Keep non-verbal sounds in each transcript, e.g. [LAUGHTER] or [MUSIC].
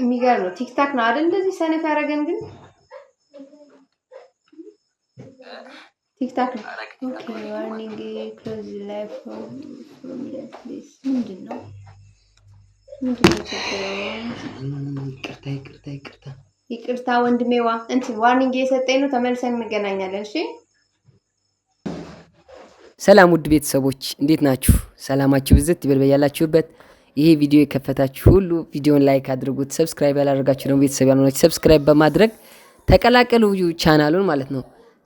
የሚገርም ነው። ቲክታክ ነው አይደል? እንደዚህ ሰነፍ ያደረገን ግን ቲክታክ ነው። ኦኬ ዋርኒንግ ክሎዝ ላይፍ ፍሮም ዳት ፕሌስ ምንድን ነው ይቅርታ ይቅርታ ይቅርታ ይቅርታ ወንድሜዋ እንትን ዋርኒንግ እየሰጠኝ ነው። ተመልሰን እንገናኛለን። እሺ ሰላም ውድ ቤተሰቦች እንዴት ናችሁ? ሰላማችሁ ብዝት ይበል በያላችሁበት። ይሄ ቪዲዮ የከፈታችሁ ሁሉ ቪዲዮን ላይክ አድርጉት። ሰብስክራይብ ያላደረጋችሁ ደግሞ ቤተሰብ ያልሆናችሁ ሰብስክራይብ በማድረግ ተቀላቀሉ ቻናሉን ማለት ነው።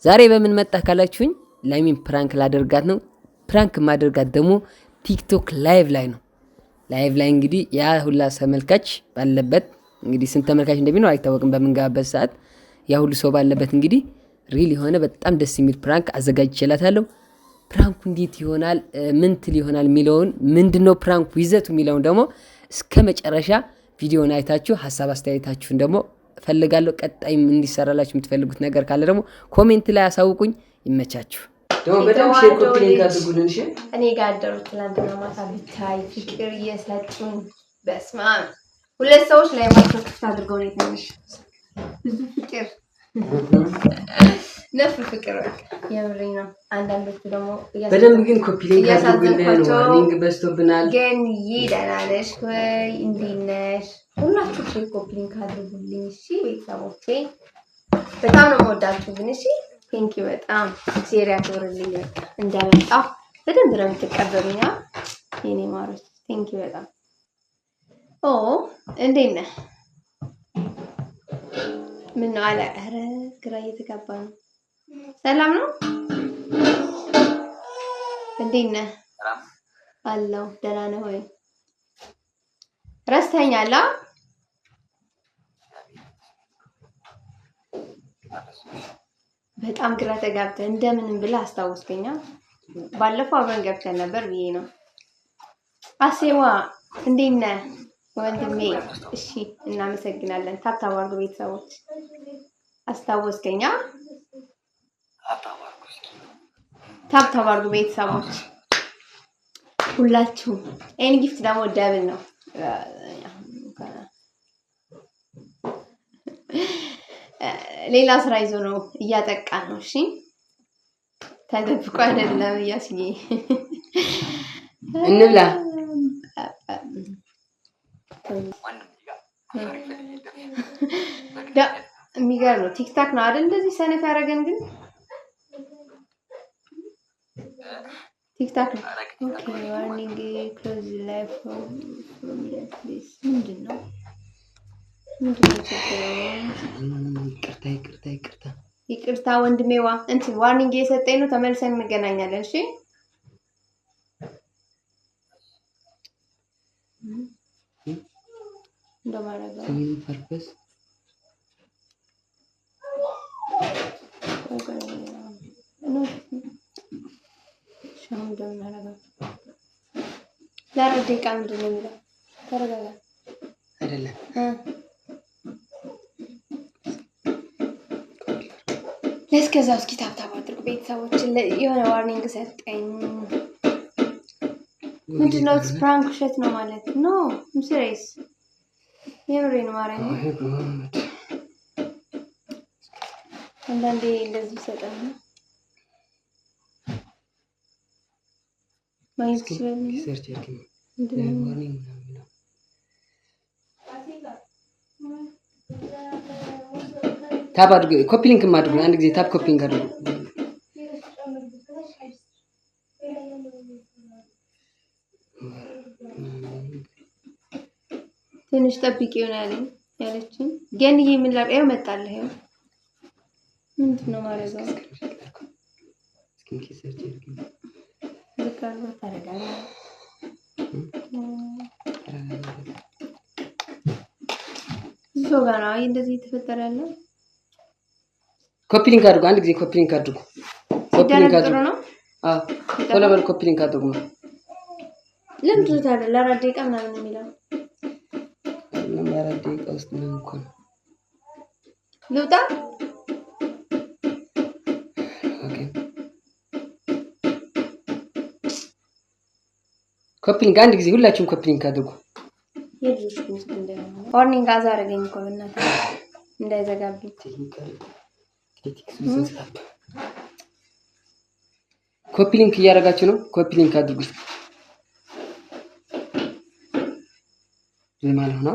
ዛሬ በምን መጣ ካላችሁኝ ላይሚን ፕራንክ ላደርጋት ነው። ፕራንክ ማደርጋት ደግሞ ቲክቶክ ላይቭ ላይ ነው። ላይቭ ላይ እንግዲህ ያ ሁላ ተመልካች ባለበት እንግዲህ ስንት ተመልካች እንደሚኖር አይታወቅም። በምንገባበት ሰዓት ያ ሁሉ ሰው ባለበት እንግዲህ ሪል የሆነ በጣም ደስ የሚል ፕራንክ አዘጋጅ ይችላታለሁ። ፕራንኩ እንዴት ይሆናል ምንትል ይሆናል የሚለውን ምንድነው ፕራንኩ ይዘቱ የሚለውን ደግሞ እስከ መጨረሻ ቪዲዮን አይታችሁ ሀሳብ አስተያየታችሁን ደግሞ እፈልጋለሁ። ቀጣይም እንዲሰራላችሁ የምትፈልጉት ነገር ካለ ደግሞ ኮሜንት ላይ አሳውቁኝ። ይመቻችሁ። እኔ ጋር አደሩት ትናንትና ማታ ብታይ ፍቅር እየሰጡን በስመ ሁለት ሰዎች ላይ ማቸው ክፍት አድርገው ነው የተነሽ ብዙ ፍቅር ነፍ ፍቅር የምሬ ነው። አንዳንዶቹ ደግሞ በደንብ ግን ኮፒ በዝቶብናል። ግን ይህ ደህና ነሽ ወይ እንዴት ነሽ? ሁላችሁ ፍሪ ኮፒ ሊንክ አድርጉልኝ እሺ ቤተሰቦቼ። በጣም ነው የምወዳችሁ ግን እሺ። ቴንኪ በጣም ሴሪያ ትወርልኝ እንደመጣሁ በደንብ ነው የምትቀበሉኛ የኔ ማሮች። ቴንኪ በጣም ኦ እንዴት ነህ? ምን ነው አለ። ኧረ ግራ እየተጋባ ነው። ሰላም ነው? እንዴት ነህ? አለሁ ደህና ነህ ወይ? ረስተኸኛል? በጣም ግራ ተጋብተህ እንደምንም ብለህ አስታወስከኝ። ባለፈው አብረን ገብተን ነበር ብዬ ነው። አሴዋ እንዴት ነህ? ወንድሜ እሺ፣ እናመሰግናለን። ታብታብ አድርጉ ቤተሰቦች። አስታወስከኛ። ታብታብ አድርጉ ቤተሰቦች ሁላችሁም። ይህን ጊፍት ደግሞ ደብል ነው። ሌላ ስራ ይዞ ነው እያጠቃ ነው። እሺ፣ ተደብቆ አይደለም። እያስዬ እንብላ የሚገርም ነው። ቲክታክ ነው አይደል? እንደዚህ ሰነፍ ያደረገን ግን ቲክታክ ነው። ዋርኒንግ ክሎዝ ላይፍ ምንድን ነው? ይቅርታ ወንድሜዋ እንትን ዋርኒንግ የሰጠኝ ነው። ተመልሰን እንገናኛለን። እሺ ፐርፐስ ለአራት ደቂቃ ምንድን ነው የሚለው? ተረጋጋ። አይደለም እስከዚያው እስኪ ታብታብ አድርጉ ቤተሰቦችን። የሆነ ዋርኒንግ ሰጠኝ። ምንድን ነው ፕራንክ ውሸት ነው ማለት ነው ምስሬስ የምሬን ማርያም አንዳንዴ እንደዚህ ይሰጠን ማየት አድርጉ። ኮፒ ሊንክ አድርጉ። አንድ ጊዜ ታፕ ኮፒ ሊንክ አድርጉ። ትንሽ ጠብቂ ሆነ ያለኝ ያለችኝ ገን ይሄ ምን ላቀየው መጣለህ? ይሄ ምንድን ነው ማለት ነው? ሰው ጋር ነው እንደዚህ የተፈጠረ ያለ። ኮፒሊንግ አድርጉ፣ አንድ ጊዜ ኮፒሊንግ አድርጉ። ኮፒሊንግ አድርጉ ነው። አዎ ቶሎ በል ኮፒሊንግ አድርጉ ነው። ለምንድን ነው ታዲያ ለአራት ደቂቃ ምናምን የሚለው አይደለም፣ የአራት ደቂቃ ውስጥ ነው እንኳን ልውጣ። ኮፒሊንግ አንድ ጊዜ ሁላችሁም ኮፒሊንግ አድርጉ። ሆርኒንግ አዛ አደረገኝ እኮ በእናትህ እንዳይዘጋብኝ። ኮፒሊንግ እያደረጋችሁ ነው። ኮፒሊንግ አድርጉ። ማለት ነው?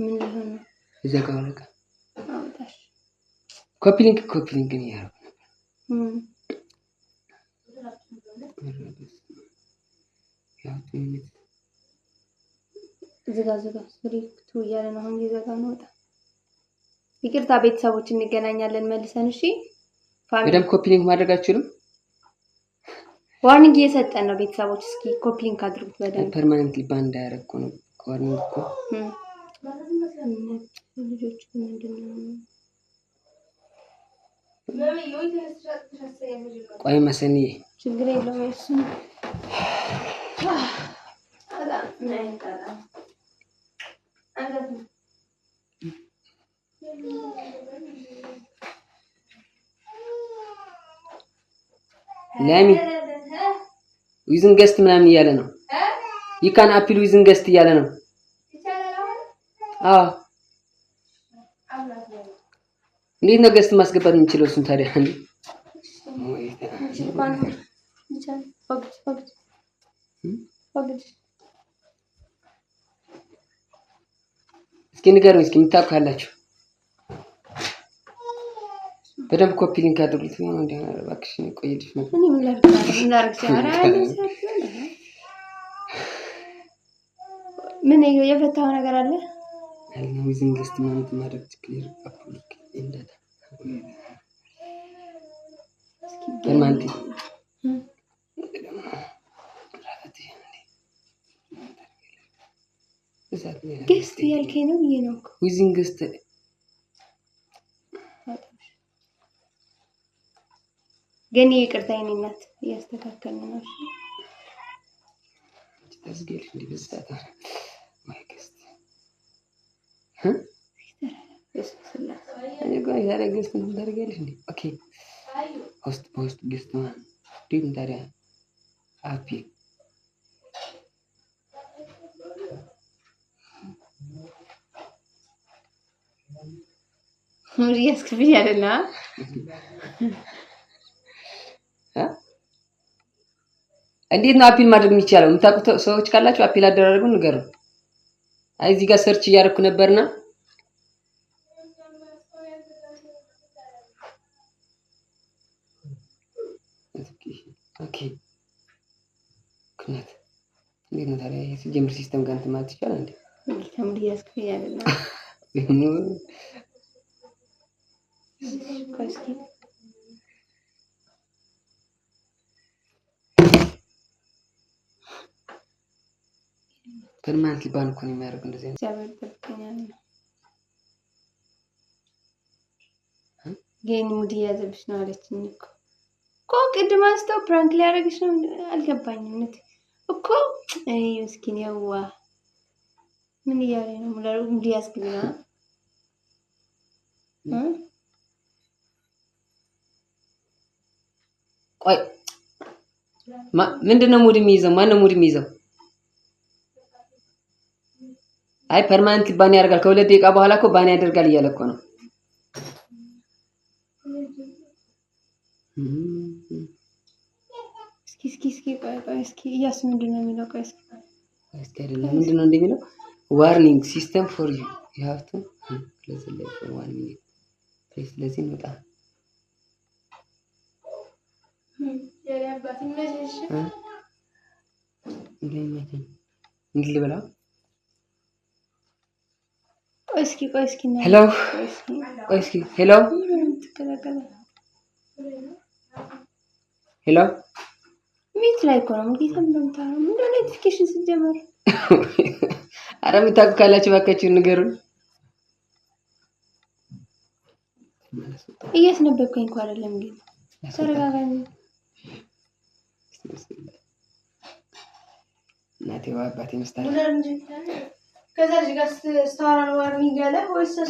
ምን ሊሆን ነው? የዘጋው ነገር አውጣሽ ኮፒሊንግ ነው ያለው። ዝጋ ዝጋ እያለ ነው። አሁን እየዘጋ ነው። ይቅርታ ቤተሰቦች፣ እንገናኛለን መልሰን። እሺ በደምብ ኮፒሊንግ ማድረግ ዋርኒንግ እየሰጠን ነው ቤተሰቦች። እስኪ ኮፒሊንግ አድርጉት በደንብ። ፐርማነንት ሊባን እንዳያረግ ነው ዋርኒንግ እኮ ልጆቹ ምንድን ነው? ቆይ መሰኒ ችግር የለውም። እሱን ለሚ ዊዝን ምናምን እያለ ነው። ይካን አፒል ዊዝን እያለ ነው። እንዴት ነው ገስት ማስገባት የምንችለው? እሱን ታዲያ እስኪ ንገሩኝ፣ እስኪ የምታውቁ ካላችሁ በደንብ ኮፒ ሊንክ አድርጉት። እባክሽ ቆይልሽ ነው ምን የፈታው ነገር አለ having housing list managed ማድረግ clear public in data ገስት ያልከኝ ነው ብዬ ነው ዊዚን ገስት ግን ይቅርታ የኔ እናት እያስተካከልን ነው። ታዲያ ግስት ነው ታደርጊያለሽ እንዴ? ኦኬ ውስጥ በውስጥ ግስት ነው እንዴት ነው ታዲያ? አፒ ሙሪ ያስከብኝ አይደለና እንዴት ነው አፒል ማድረግ የሚቻለው? የምታውቁት ሰዎች ካላችሁ አፒል አደራረጉን ንገሩ። አይ እዚህ ጋር ሰርች እያደረኩ ነበርና ኦኬ ምክንያት እንዴት ነው ታዲያ? ሲጀምር ሲስተም ጋር እንትን ማለት ይቻላል እንዴ? ተምር እያስክያልና ፐርማንት ሊባል እኮ ነው የሚያደርግ እንደዚህ ነው። ይህን ሙድ እያዘብሽ ነው አለችኝ እኮ ቅድም አንስተው ፕራንክ ሊያደርግሽ ነው አልገባኝም። እኮ እኔ ምስኪን የዋ ምን እያለ ነው? ሙላሩ እንዲያስግብ ቆይ ምንድን ሙድ የሚይዘው? ማነው ሙድ የሚይዘው? አይ ፐርማነንት ባን ያደርጋል። ከሁለት ደቂቃ በኋላ እኮ ባን ያደርጋል እያለ እኮ ነው። እስኪ እስኪ እስኪ ቆይ ቆይ እስኪ እያስ ምንድን ነው የሚለው? ቆይ እስኪ እስኪ አይደለም ምንድን ነው እንደሚለው? ዋርኒንግ ሲስተም ፎር ዩ ዩ ሃቭ ቱ ፕሌስ ለዚህ እንውጣ እንዲህ ልበላ። እስኪ ቆይ እስኪ ሄሎ ቆይ እስኪ ሄሎ ሄሎ ሚት ላይ እኮ ነው እንግዲህ ተምበምታ ምንድን ኖቲፊኬሽን ስትጀምር? አረ የምታውቁ ካላችሁ እባካችሁ ንገሩን። እያስነበብከኝ እኮ አይደለም ግን ተረጋጋኝ። እናቴ አባቴ ምስታል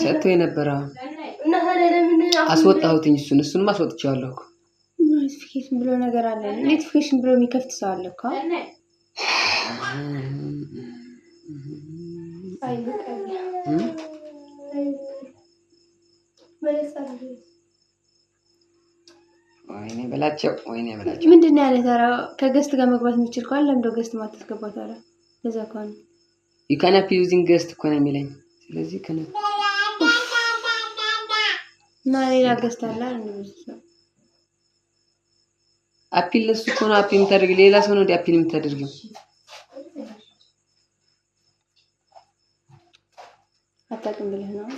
ሰጥቶ የነበረ አስወጣሁትኝ እሱን እሱንም አስወጥቼዋለሁ። ፊት ብሎ ነገር አለ። ኖቲፊኬሽን ብሎ የሚከፍት ሰው አለ እኮ ወይኔ በላቸው፣ ወይኔ በላቸው። ምንድን ነው ያለ ተራ ከገስት ጋር መግባት የሚችል ከሆነ ለምዶ ገስት ማታስገባት አለ። ለዛ ከሆነ ዩ ካን አፕ ዩዚንግ ገስት እኮ ነው የሚለኝ። ስለዚህ ከነ እና ሌላ ገስት አለ ብዙ ሰው አፒል ለሱ እኮ ነው አፒል የምታደርግ ሌላ ሰው ነው እንደ አፒል የምታደርግም። አታውቅም ብለህ ነው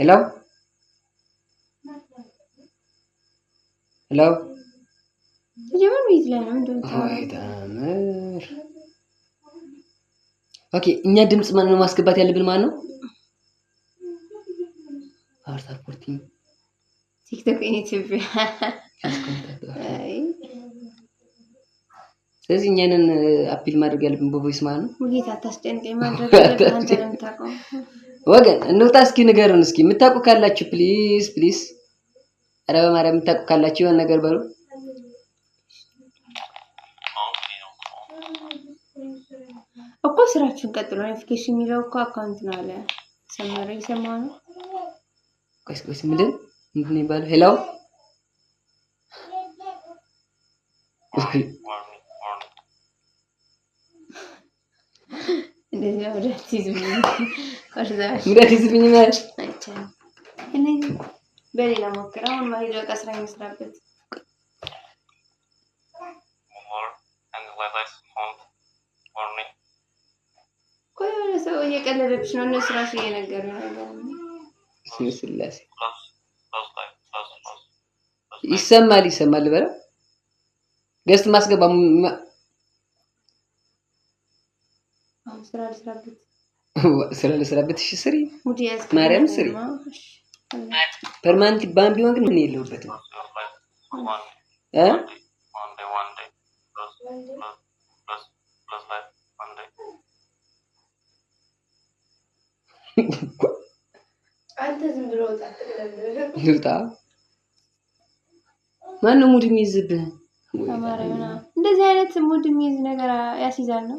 ሄሎ ሄሎ ኦኬ እኛ ድምፅ ማን ነው ማስገባት ያለብን? ማን ነው አርታ ፖርቲን ቲክቶክ ኢኒቲቭ። ስለዚህ እኛንን አፒል ማድረግ ያለብን በቮይስ ማን ነው? ሙጌታ አታስጨንቀኝ። ማድረግ [LAUGHS] ወገን እንውጣ። እስኪ ንገሩን እስኪ የምታውቁ ካላችሁ ፕሊስ ፕሊስ። ኧረ በማርያም የምታውቁ ካላችሁ የሆነ ነገር በሉ። እኮ ስራችን ቀጥሎ ኖቲፊኬሽን የሚለው እኮ አካውንት ነው አለ ሰመረ ይሰማ ነው። ቆይስ ቆይስ፣ ምንድን ምንድን ነው የሚባለው? ሄላው በሌላ ሞክር። አሁን ማሄድ በቃ ስራ የሚሰራበት እየቀለደብሽ ነው። እነሱ ራሱ እየነገሩ ነው። ስላሴ ይሰማል፣ ይሰማል። በለ ገስት ማስገባ ስራ ልስራበት። እሺ ስሪ፣ ማርያም ስሪ። ፐርማንት ባን ቢሆን ግን ምን የለውበትም እ ልውጣ ነው ሙድ የሚይዝብህ? እንደዚህ አይነት ሙድ የሚይዝ ነገር ያስይዛል ነው።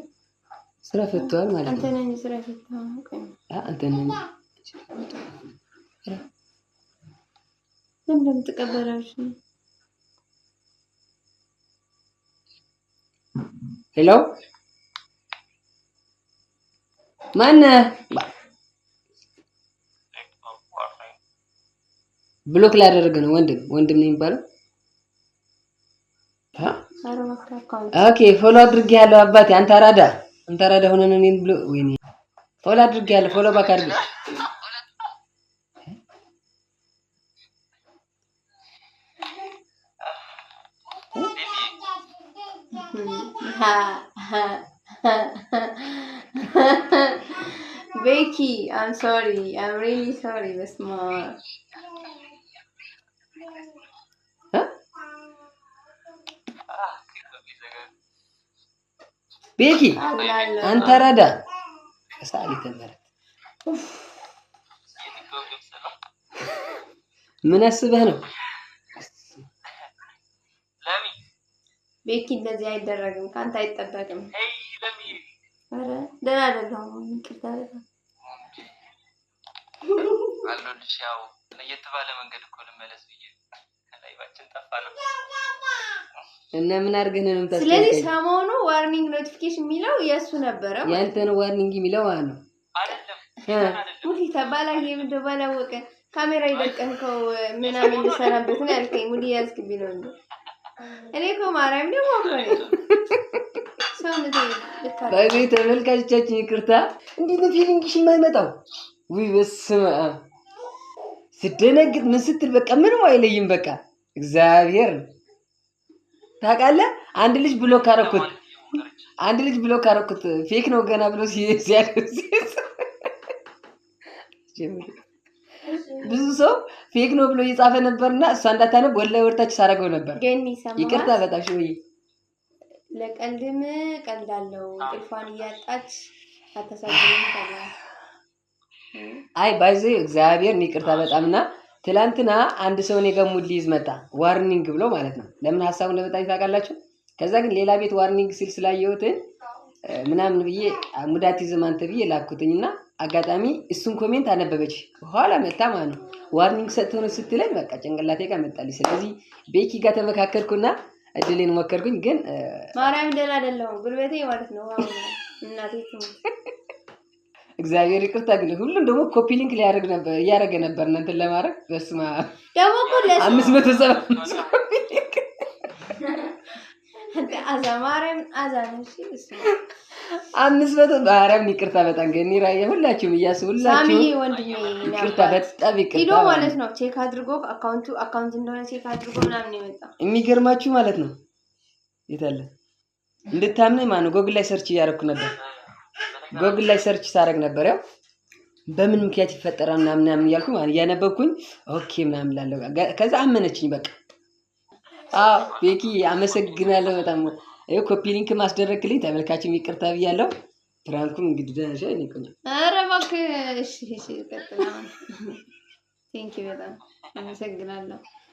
ስራ ፈቷል ማለት ነው። አንተ ነኝ ስራ ሄሎ ማነህ? Blok lah lagi nih, gue nungguin, tungguin nih empat, ha? Oke, follow terus ya loh abba, antara ada, antara ada, huna nenen blok ini, follow terus ya lo, follow bakar blue. Becky, I'm sorry, I'm really sorry, besma. ቤኪ አንተ ረዳ ከሰዓሊ ተመረት ምን አስበህ ነው? ቤኪ እንደዚህ አይደረግም፣ ከአንተ አይጠበቅም። ኧረ ደህና አይደለሁም። ይቅርታ አለሁልሽ። ያው ለየት መንገድ እኮ ልመለስ ብዬ እና ምን አድርገን ነው ስለዚህ ሰሞኑ ዋርኒንግ ኖቲፊኬሽን የሚለው የእሱ ነበረ። ዋርኒንግ የሚለው ሙዲ ተባላ ካሜራ ይደቀንከው ምናምን ልሰራበት ነው ያልከኝ። ሙዲ እኔ እኮ ማርያም ደግሞ ተመልካቾቻችን ይቅርታ፣ እንዴት ነው ፊሊንግሽ የማይመጣው? ውይ በስመ አብ ስደነግጥ ምን ስትል በቃ ምንም አይለይም በቃ እግዚአብሔር ታውቃለህ፣ አንድ ልጅ ብሎ ካረኩት አንድ ልጅ ብሎ ካረኩት ፌክ ነው ገና ብሎ ብዙ ሰው ፌክ ነው ብሎ እየጻፈ ነበርና እሷ እንዳታነብ ወላሂ ወርታች ሳረገው ነበር። ይቅርታ በጣሽ ወይ ለቀልድም ቀልድ አለው። እያጣች አተሳሰብ አይ ባይዘ እግዚአብሔር ይቅርታ በጣምና ትላንትና አንድ ሰውን የገሙድ ሊይዝ መጣ ዋርኒንግ ብሎ ማለት ነው። ለምን ሀሳቡ እንደመጣ ታውቃላችሁ? ከዛ ግን ሌላ ቤት ዋርኒንግ ሲል ስላየሁት ምናምን ብዬ ሙዳቲዝም አንተ ብዬ ላኩትኝ እና አጋጣሚ እሱን ኮሜንት አነበበች። በኋላ መታ ማለት ነው ዋርኒንግ ሰጥተው ነው ስትለኝ በቃ ጭንቅላቴ ጋር መጣልኝ። ስለዚህ ቤኪ ጋር ተመካከልኩና እድሌን ሞከርኩኝ። ግን ማርያም ደላ አይደለሁም ጉልበቴ ማለት ነው እናቴ እግዚአብሔር ይቅርታ ግን ሁሉም ደግሞ ኮፒ ሊንክ ሊያደርግ ነበር እያደረገ ነበር። እናንተን ለማድረግ በስመ አብ ደግሞ አምስት መቶ ሰባ አምስት መቶ ማርያም ይቅርታ በጣም ገኒ ራየ ሁላችሁም እያስ ሁላችሁም ይቅርታ በጣም ይቅርታ ሂዶ ማለት ነው። ቼክ አድርጎ አካውንቱ አካውንት እንደሆነ ቼክ አድርጎ ምናምን የመጣ የሚገርማችሁ ማለት ነው። የታለ እንድታምነኝ ማነው ጎግል ላይ ሰርች እያደረኩ ነበር ጎግል ላይ ሰርች ሳደርግ ነበር ያው በምን ምክንያት ይፈጠራል ምናምን ምናምን እያልኩ እያነበብኩኝ ኦኬ ምናምን ላለው ከዛ አመነችኝ። በቃ አዎ ቤኪ አመሰግናለሁ በጣም ይኸው ኮፒ ሊንክ ማስደረግልኝ ተመልካችም ይቅርታ ብያለሁ። ፕራንኩን እንግዲህ ደረሻ ይቆኛ ኧረ እባክህ እሺ፣ እሺ፣ በጣም አመሰግናለሁ።